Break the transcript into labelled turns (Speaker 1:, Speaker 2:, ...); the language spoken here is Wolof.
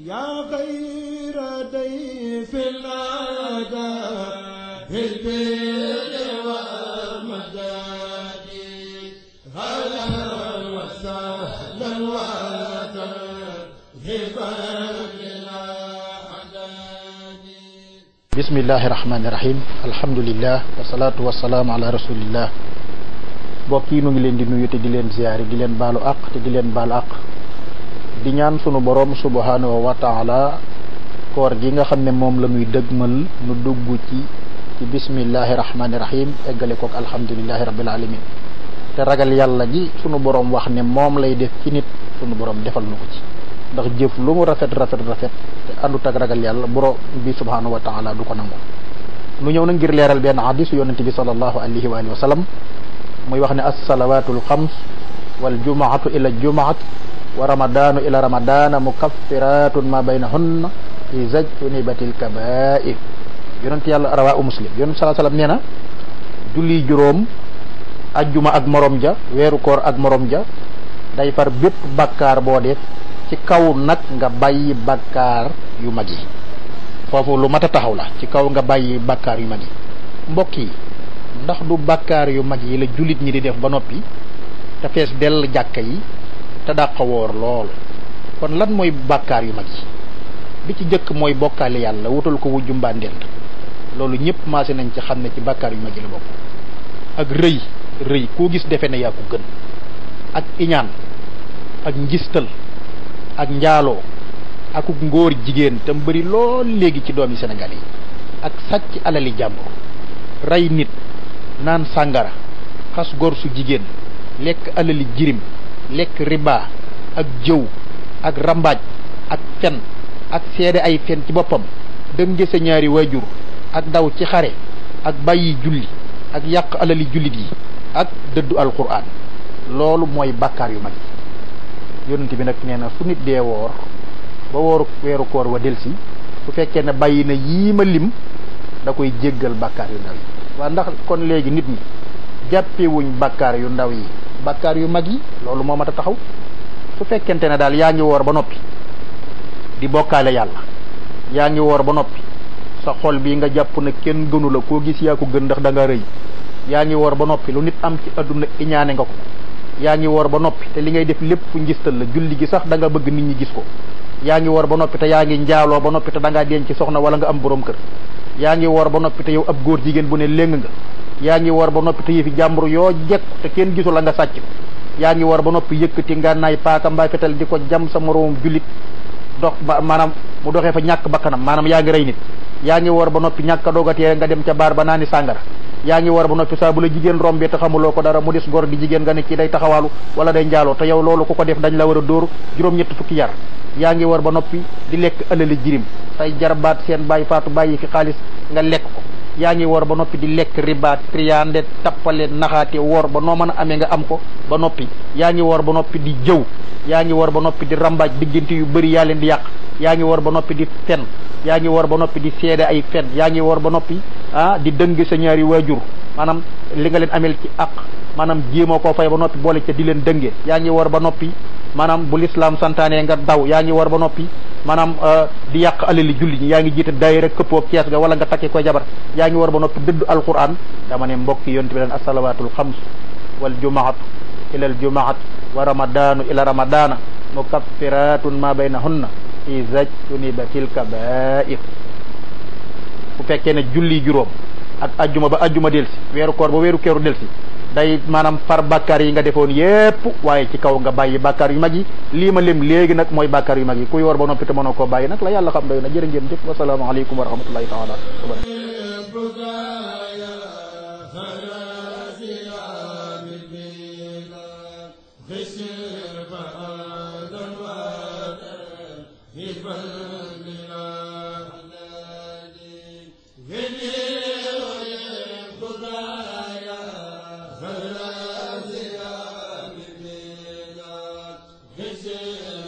Speaker 1: يا خير ضيف الأدب بالبر والمدد هلا وسهلا وترحبا
Speaker 2: بسم الله الرحمن الرحيم الحمد لله والصلاة والسلام على رسول الله بوكي yi لين دي نويو تي دي لين زياري دي لين بالو اق تي دي لين di اق di ñaan sunu borom subhanahu wa taala koor gi nga xam ne moom la ñuy dëgmal nu dugg ci ci bismillahi rahmaani rahim eggale kook alhamdulillahi rabbil alamin te ragal yàlla gi sunu borom wax ne moom lay def ci nit sunu borom defal nu ko ci ndax jëf lu mu rafet rafet rafet te àndut ak ragal yàlla borom bi subhanahu wa taala du ko nangu nu ñëw na ngir leeral benn hadisu yonent bi sallallahu alayhi wa alihi wa sallam muy wax ne as salawatul xams wal jumaatu ila wa ramadanu ila ramadana mukaffiratun ma bainahunna iza tunibatil kaba'ir yonent yàlla rawa muslim yonent sallallahu alayhi wasallam nee na julli juróom ajjuma ak morom ja weeru koor ak morom ja day far bépp bakkaar boo def ci kaw nag nga bàyyi bakkaar yu mag yi foofu lu mat a taxaw la ci kaw nga yu ndax du yu la ñi di def ba yi te dàq lool kon lan mooy bàkkaar yu mag yi bi ci njëkk mooy bokkaale yàlla wutal ko wujju mbàndeel loolu ñëpp maase nañ ci xam ne ci bàkkaar yu mag yi la bopp ak rëy rëy koo gis defe na yaa ko gën ak iñaan ak njistal ak njaaloo akuk ngóor jigéen tam bari lool léegi ci doomi Sénégal yi ak sàcc alali jàmbur rey nit naan sàngara xas góor su jigéen lekk alali jirim lekk riba ak jëw ak rambaaj ak fen ak seede ay fen ci boppam dënge sa ñaari waajur ak daw ci xare ak bàyyi julli ak yàq alali jullit yi ak dëddu alquran loolu mooy bàkkaar yu mag yi yonent bi nag nee na fu nit dee woor ba wooru weeru koor wa delsi su fekkee ne bàyyi na yii ma lim da koy jéggal bàkkaar yu ndaw yi waa ndax kon léegi nit ñi jàppewuñ bàkkaar yu ndaw yi bakkaar yu lalu yi loolu moo mat a taxaw su fekkente ne daal yaa ngi ba noppi di bokkaale yàlla yaa ngi woor ba noppi sa xol bii nga jàpp ne kenn gënu la koo gis yaa ko gën ndax da nga rëy yaa ngi ba noppi lu nit am ci àdduna iñaane nga ko yaa ngi ba te li ngay def la julli gi sax da nga bëgg nit ñi gis ko yaa ngi ba noppi te yaa ngi ba noppi te da ngaa soxna wala nga am borom kër yaa ngi ba noppi te yow ab bu ne nga yaa ngi war ba noppi te yëfi jàmbur yoo jekku te kenn gisu la nga sàcc yaa ngi war ba noppi yëkkati ngànnaay paaka mbaa fetal di jam sa moroomum jullit dox ba maanaam mu doxee fa ñàkk bakkanam maanaam yaa ngi rey nit yaa ngi war ba noppi ñàkk a dogatee nga dem ca baar ba naani sàngara yaa ngi ba noppi saa bu la jigéen rombee te xamuloo dara mu des góor gi jigéen nga ne kii day taxawaalu wala day njaaloo te yow loolu ku def dañ la war a dóor ñett fukki yar ba di jirim say jarbaat seen bàyyi faatu bàyyi fi xaalis nga ko yaa ngi woor ba noppi di lekk ribaat triande tappale naxaate woor ba noo mën a amee nga am ko ba noppi yaa ngi woor ba noppi di jëw yaa ngi woor ba noppi di rambaaj diggante yu bëri yaa leen di yàq yaa ngi woor ba noppi di fen yaa ngi woor ba noppi di seede ay fen yaa ngi woor ba noppi ah di dëng sa ñaari waajur maanaam li nga leen amel ci àq maanaam jéemoo koo fay ba noppi boole ca di leen dënge yaa ngi woor ba noppi maanaam bu lislaam santaane nga daw yaa ngi woor ba noppi maanaam euh, di yàq alali julli ñi yaa ngi jiite daayira këppoo kees ga wala nga takkee koy jabar yaa ngi war ba noppi dëdd alquran dama ne mbokk yi yonte bi leen assalawaatul xams wal jumaatu ila al jumaatu wa ramadaanu ila ramadaana mukaffiratun ma baynahunna iza jtunibatil kabair bu fekkee ne julli juróom ak ajjuma ba ajjuma delsi weeru koor ba weeru keeru delsi day maanaam far bàkkaar yi nga defoon yépp waaye ci kaw nga bàyyi bàkkaar yu mag yi lii ma lim léegi nag mooy bàkkaar yu mag yi kuy war ba noppi te mënoo koo bàyyi nag la yàlla xam doy na jërë ngeen jëf wasalaamaaleykum wa rahmatullahi taala wa
Speaker 1: barakatu is.